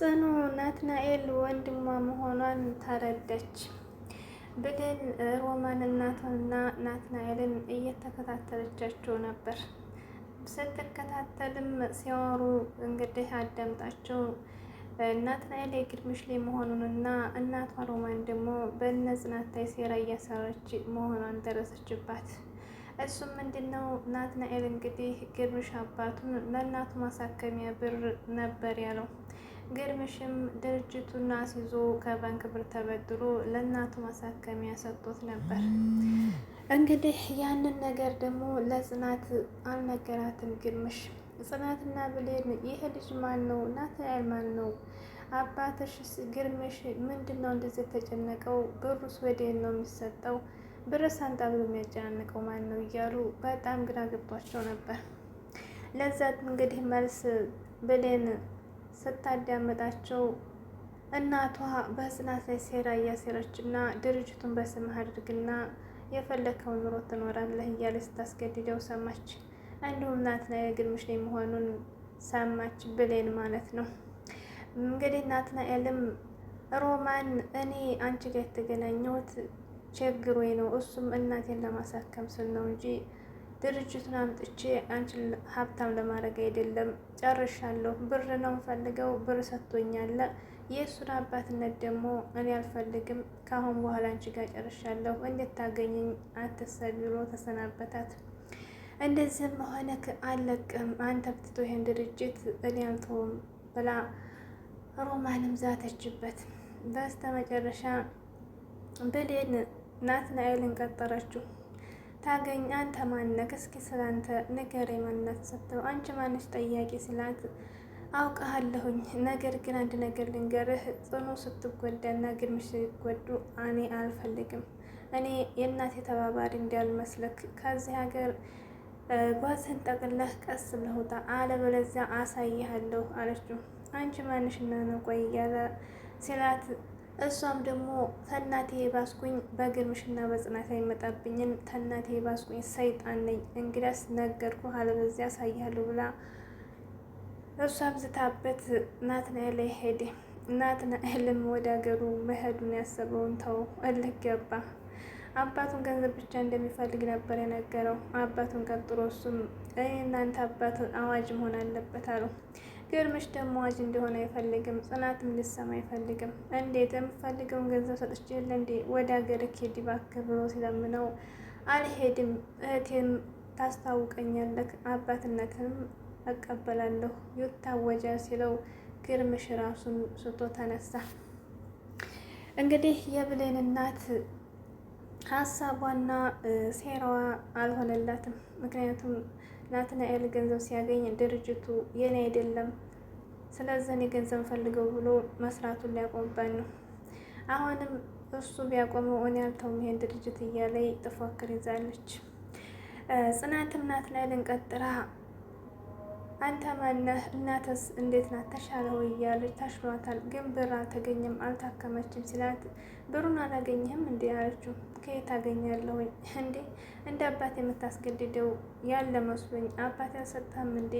ጽኑ ናትናኤል ወንድሟ መሆኗን ተረዳች። ብሌን ሮማን እናቷንና ናትናኤልን እየተከታተለቻቸው ነበር። ስትከታተልም ሲያወሩ እንግዲህ አዳምጣቸው ናትናኤል የግድምሽ ላይ መሆኑንና እናቷ ሮማን ደግሞ በነጽናት ላይ ሴራ እያሰራች መሆኗን ደረሰችባት። እሱም ነው ናትናኤል እንግዲህ ግድምሽ አባቱን ለእናቱ ማሳከሚያ ብር ነበር ያለው ግርምሽም ድርጅቱን አስይዞ ከባንክ ብር ተበድሮ ለእናቱ ማሳከሚያ ሰጥቶት ነበር። እንግዲህ ያንን ነገር ደግሞ ለጽናት አልነገራትም ግርምሽ። ጽናትና ብሌን ይህ ልጅ ማን ነው? ናትናኤል ማን ነው? አባትሽስ ግርምሽ ምንድን ነው እንደዚህ የተጨነቀው? ብሩስ ወዴን ነው የሚሰጠው? ብር ሳንጣ ብሎ የሚያጨናንቀው ማን ነው? እያሉ በጣም ግራ ገብቷቸው ነበር። ለዛት እንግዲህ መልስ ብሌን ስታዳምጣቸው እናቷ በጽናት ላይ ሴራ እያሴረች እና ድርጅቱን በስምህ አድርግና የፈለከው ኑሮ ትኖራለህ እያለ ስታስገድደው ሰማች። እንዲሁም ናትናኤል ግድምሽ ላይ መሆኑን ሰማች፣ ብሌን ማለት ነው። እንግዲህ ናትናኤልም ሮማን እኔ አንቺ ጋር የተገናኘሁት ችግር ነው እሱም እናቴን ለማሳከም ስል ነው እንጂ ድርጅቱን አምጥቼ አንቺን ሀብታም ለማድረግ አይደለም። ጨርሻለሁ። ብር ነው ፈልገው ብር ሰጥቶኛለ። የእሱን አባትነት ደግሞ እኔ አልፈልግም። ከአሁን በኋላ አንቺ ጋር ጨርሻለሁ። እንዴት ታገኘኝ አትሰብ ብሎ ተሰናበታት። እንደዚህም መሆነክ አለቅም፣ አንተ ብትቶ ይህን ድርጅት እኔ አልተውም ብላ ሮማንም ዛተችበት። በስተ መጨረሻ ብሌን ናትናኤልን ቀጠረችው። ታገኝ አንተ ማነክ? እስኪ ስላንተ ንገር የማንነት ሰጥተው አንቺ ማነች ጠያቂ ስላት አውቀሃለሁኝ፣ ነገር ግን አንድ ነገር ልንገርህ፣ ጽኑ ስትጎዳና ግድምሽ ሲጎዱ እኔ አልፈልግም። እኔ የእናቴ ተባባሪ እንዳልመስልክ ከዚህ ሀገር ጓዝህን ጠቅለህ ቀስ ብለህ ውጣ፣ አለበለዚያ አሳይሃለሁ አለችው። አንቺ ማንሽና ነው ቆይ እያለ ሲላት እሷም ደግሞ ተናቴ ባስኩኝ በግርምሽና በጽናት አይመጣብኝም፣ ተናቴ ባስኩኝ ሰይጣን ነኝ፣ እንግዳስ ነገርኩ አለበዚያ አሳያለሁ ብላ እሷም ዝታበት ናትናኤል ላይ ሄደ። ናትናኤልም ወደ ሀገሩ መሄዱን ያሰበውን ተው እልህ ገባ። አባቱን ገንዘብ ብቻ እንደሚፈልግ ነበር የነገረው። አባቱን ቀጥሮ እሱም እናንተ አባት አዋጅ መሆን አለበት አሉ። ግርምሽ ደግሞ አጅ እንደሆነ አይፈልግም፣ ጽናትም ልሰማ አይፈልግም። እንዴት የምፈልገውን ገንዘብ ሰጥቼ የለ እንዴ ወደ ሀገር ኬዲ እባክህ ብሎ ሲለምነው አልሄድም፣ እህቴም ታስታውቀኛለህ፣ አባትነትም እቀበላለሁ ይታወጃ ሲለው ግርምሽ ራሱን ስቶ ተነሳ። እንግዲህ የብሌን እናት ሀሳቧና ሴራዋ አልሆነላትም። ምክንያቱም ናትናኤል ገንዘብ ሲያገኝ ድርጅቱ የኔ አይደለም፣ ስለዚህ እኔ ገንዘብ ፈልገው ብሎ መስራቱን ሊያቆምበት ነው። አሁንም እሱ ቢያቆመው እኔ ያልተውም ይሄን ድርጅት እያለኝ ጥፎ አክር ይዛለች። ጽናትም ናትናኤልን ቀጥራ አንተ ማነህ? እናተስ እንዴት ናት? ተሻለ ወይ እያለች ታሽሏታል። ግን ብር አልተገኘም፣ አልታከመችም ሲላት ብሩን አላገኘህም እንዴ አለችው። ከየት አገኛለሁ እንዴ እንደ አባት የምታስገድደው ያለ መስሎኝ አባት አልሰጠህም እንዴ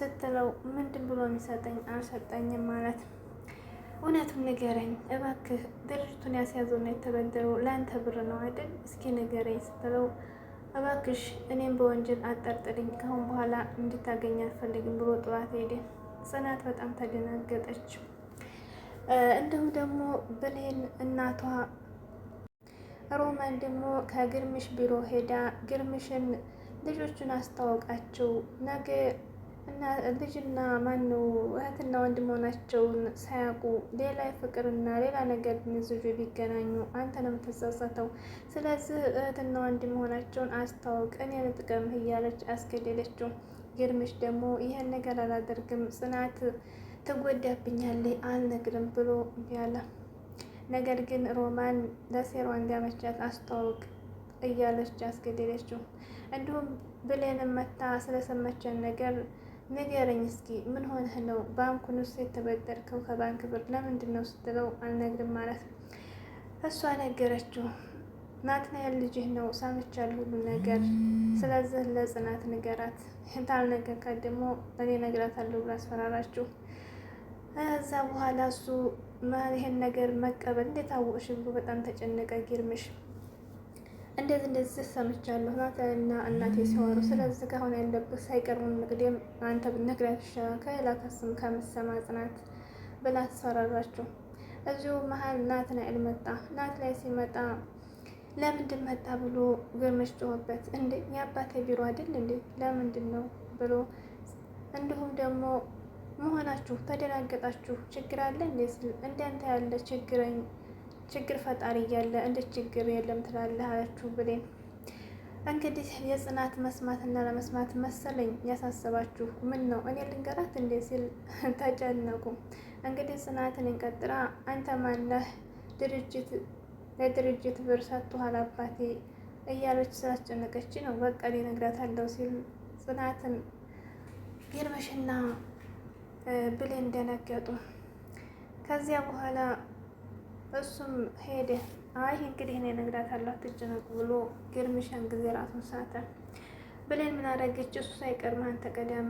ስትለው ምንድን ብሎ የሚሰጠኝ አልሰጠኝም ማለት እውነቱን ንገረኝ እባክህ ድርጅቱን ያስያዘውና የተበደረው ለአንተ ብር ነው አይደል? እስኪ ንገረኝ ስትለው እባክሽ እኔም በወንጀል አጠርጥልኝ ከአሁን በኋላ እንድታገኝ አልፈልግም ብሎ ጥሏት ሄደ። ጽናት በጣም ተደናገጠች። እንዲሁም ደግሞ ብሌን እናቷ ሮማን ደግሞ ከግርምሽ ቢሮ ሄዳ ግርምሽን ልጆቹን አስተዋውቃቸው ነገ እና ልጅና ማኑ እህትና ወንድ መሆናቸውን ሳያውቁ ሌላ ፍቅርና ሌላ ነገር ምዝጁ ቢገናኙ አንተ ነው የምትጸጸተው። ስለዚህ እህትና ወንድ መሆናቸውን አስታውቅ፣ እኔ ልጥቀምህ እያለች አስገደለችው። ግርምሽ ደግሞ ይህን ነገር አላደርግም፣ ጽናት ትጎዳብኛለች፣ አልነግርም ብሎ ያለ ነገር ግን ሮማን ለሴሯ እንዲያመቻት አስተዋውቅ እያለች አስገደለችው። እንዲሁም ብሌንም መታ ስለሰመቸን ነገር ንገረኝ እስኪ ምን ሆነህ ነው? ባንኩን ውስጥ የተበደርከው ከባንክ ብር ለምንድን ነው ስትለው አልነግርም ማለት እሷ ነገረችው። ናትናኤል ልጅህ ነው ሰምቻለሁ፣ ሁሉ ነገር። ስለዚህ ለጽናት ንገራት፣ ታልነገርካት ደግሞ እኔ እነግራታለሁ ብላ አስፈራራችሁ። እዛ በኋላ እሱ ይሄን ነገር መቀበል እንዴት አወቅሽ ብሎ በጣም ተጨነቀ ጊርምሽ እንደዚህ እንደዚህ ሰምቻለሁ እና እናቴ ሲወሩ ስለዚህ ከሆነ ያለብህ ሳይቀርቡን መቅደም አንተ ብትነግራት ይሻላል ከላከስም ከምሰማ ጽናት ብላ ተሰራራችሁ። እዚሁ መሀል ናትናኤል መጣ። ናትናኤል ሲመጣ ለምንድን መጣ ብሎ ግርምሽ ጮኸበት። እንዴ የአባቴ ቢሮ አይደል እንዴ ለምንድን ነው ብሎ እንዲሁም ደግሞ መሆናችሁ ተደናገጣችሁ ችግር አለ እንዴ እንዳንተ ያለ ችግረኝ ችግር ፈጣሪ እያለ እንዴት ችግር የለም ትላለህ አለችው ብሌን። እንግዲህ የጽናት መስማትና ለመስማት መሰለኝ ያሳሰባችሁ ምን ነው እኔ ልንገራት እንዴ ሲል ተጨነቁ። እንግዲህ ጽናትን እንቀጥራ አንተ ማለህ ድርጅት ለድርጅት ብር ሰጥቶሃል አባቴ እያለች ስላስጨነቀች ነው በቃ እነግራታለሁ ሲል ጽናትን ይርበሽና ብሌን እንደነገጡ ከዚያ በኋላ እሱም ሄደ። አይ እንግዲህ እኔ እነግራታለሁ አትጨነቁ ብሎ ግርምሻን ጊዜ ራሱን ሳተ። ብሌን ምን አደረገች? እሱ ሳይቀርም አንተ ቀደም፣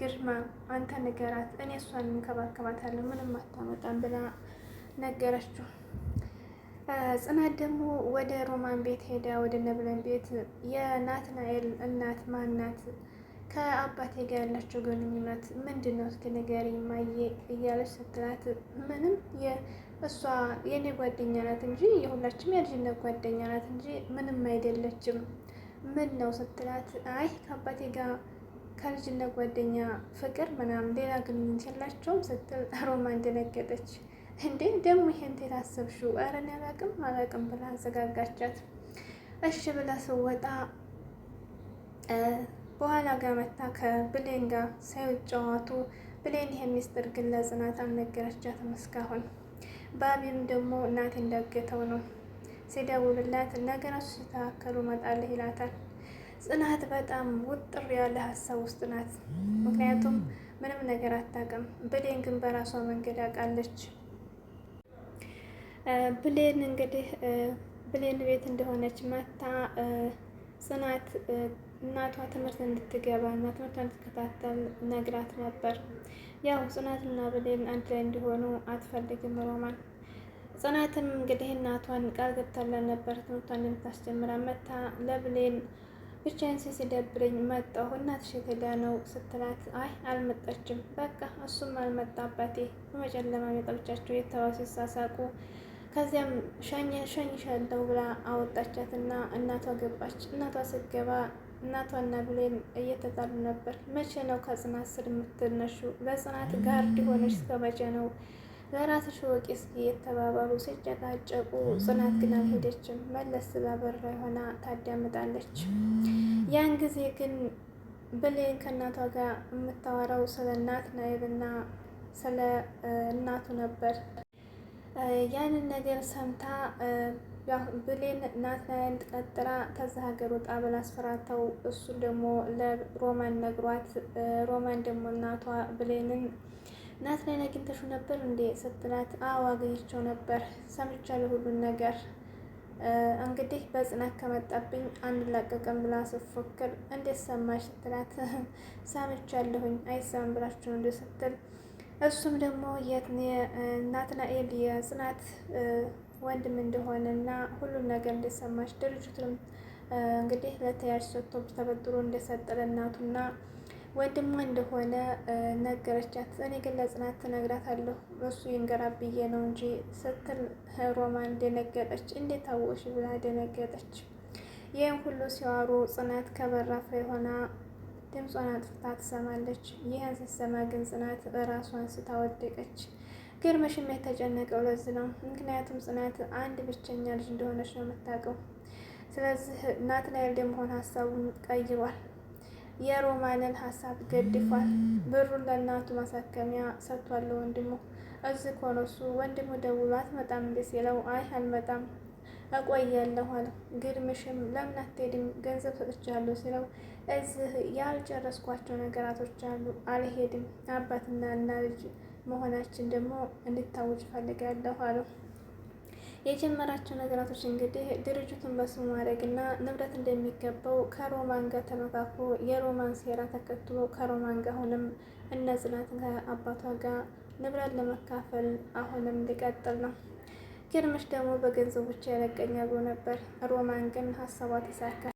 ግርማ አንተ ንገራት፣ እኔ እሷን እንከባከባታለሁ ምንም አታመጣም ብላ ነገረችው። ጽናት ደግሞ ወደ ሮማን ቤት ሄዳ ወደ ነብለን ቤት የናትናኤል እናት ማናት ከአባቴ ጋር ያላቸው ግንኙነት ምንድን ነው? እስኪ ንገሪኝ ማየ እያለች ስትላት ምንም እሷ የኔ ጓደኛ ናት እንጂ የሁላችም የልጅነት ጓደኛ ናት እንጂ ምንም አይደለችም። ምን ነው ስትላት፣ አይ ከአባቴ ጋር ከልጅነት ጓደኛ ፍቅር ምናምን ሌላ ግንኙነት የላቸውም ስትል ሮማን ደነገጠች። እንዴ ደግሞ ይሄን እንዴት ኧረ እኔ አላቅም አላቅም ብላ አዘጋጋቻት። እሺ ብላ ስወጣ በኋላ ጋር መታ ከብሌን ጋር ሳይጫዋቱ ብሌን ይሄ ሚስጥር ግን ለጽናት አልነገረቻትም እስካሁን። ባቢም ደግሞ እናት እንዳገተው ነው ሲደውልላት ነገሮች ሲተካከሉ መጣለህ ይላታል። ጽናት በጣም ውጥር ያለ ሀሳብ ውስጥ ናት። ምክንያቱም ምንም ነገር አታውቅም። ብሌን ግን በራሷ መንገድ አውቃለች። ብሌን እንግዲህ ብሌን ቤት እንደሆነች መታ ጽናት እናቷ ትምህርት እንድትገባ እና ትምህርቷን እንድትከታተል ነግራት ነበር። ያው ጽናትና ብሌን አንድ ላይ እንዲሆኑ አትፈልግም ሮማን። ጽናትም እንግዲህ እናቷን ቃል ገብታለን ነበር ትምህርቷን እንደምታስጀምራ መታ ለብሌን ብቻዬን ሲደብረኝ መጣሁ እናትሽ የት ነው ስትላት፣ አይ አልመጣችም፣ በቃ እሱም አልመጣ አባቴ በመጨለማ የጠብቻቸው የተዋሱ ሲሳሳቁ ከዚያም ሸኝሻለሁ ብላ አወጣቻትና እናቷ ገባች። እናቷ ስትገባ እናቷና ብሌን እየተጣሉ ነበር። መቼ ነው ከጽናት ስር የምትነሹ? ለጽናት ጋርድ ሆነሽ እስከ መቼ ነው? ለራስሽ ወቂ እስኪ የተባባሉ ሲጨቃጨቁ፣ ጽናት ግን አልሄደችም። መለስ ብላ ሆና ታዳምጣለች። ያን ጊዜ ግን ብሌን ከእናቷ ጋር የምታወራው ስለ እናት ናይብና ስለ እናቱ ነበር። ያንን ነገር ሰምታ ብሌን ናትናኤል ቀጥራ ከዛ ሀገር ወጣ ብላ አስፈራተው እሱን ደግሞ ለሮማን ነግሯት፣ ሮማን ደግሞ እናቷ ብሌንን ናትናኤል አግኝተሽው ነበር እንዴ ስትላት፣ አዎ አገኘቸው ነበር፣ ሰምቻለሁ ሁሉን ነገር እንግዲህ በጽናት ከመጣብኝ አንላቀቅም ብላ ስትፎክር፣ እንዴት ሰማሽ ስትላት፣ ሰምቻለሁኝ አይሰማም ብላችሁ እንደ ስትል እሱም ደግሞ የት ናትናኤል የጽናት ወንድም እንደሆነ እና ሁሉም ነገር እንደሰማች ድርጅቱ እንግዲህ ለተያዥ ሰጥቶ ተበድሮ እንደሰጠ ለእናቱና ወንድሟ እንደሆነ ነገረቻት። እኔ ግን ለጽናት ትነግራታለሁ እሱ ይንገራ ብዬ ነው እንጂ ስትል ሮማን ደነገጠች። እንዴት ታወቅሽ ብላ ደነገጠች። ይህም ሁሉ ሲዋሩ ጽናት ከበራፈ የሆና ድምጿን አጥፍታ ትሰማለች። ይህን ስትሰማ ግን ጽናት ራሷን ስታ ወደቀች። ግርምሽም የተጨነቀው ለዚህ ነው። ምክንያቱም ጽናት አንድ ብቸኛ ልጅ እንደሆነች ነው የምታውቀው። ስለዚህ ናትናኤል ደመሆን ሀሳቡን ቀይሯል። የሮማንን ሀሳብ ገድፏል። ብሩን ለእናቱ ማሳከሚያ ሰጥቷል ለወንድሙ። እዚህ ከሆነ እሱ ወንድሙ ደውሎ አትመጣም እንዴ ሲለው አይ አልመጣም እቆያለሁ አለ። ግርምሽም ለምን አትሄድም ገንዘብ ሰጥቻለሁ ሲለው እዚህ ያልጨረስኳቸው ነገራቶች አሉ አልሄድም አባትና እና ልጅ መሆናችን ደግሞ እንድታወጭ ፈልጋለሁ አሉ። የጀመራቸው ነገራቶች እንግዲህ ድርጅቱን በስሙ ማድረግ ማድረግና ንብረት እንደሚገባው ከሮማን ጋር ተመካክሮ የሮማን ሴራ ተከትሎ ከሮማን ጋር አሁንም እነ ጽናት ከአባቷ ጋር ንብረት ለመካፈል አሁንም ሊቀጥል ነው። ግርምሽ ደግሞ በገንዘቦች ብቻ ያለቀኛ ብሎ ነበር። ሮማን ግን ሀሳቧ ተሳካ።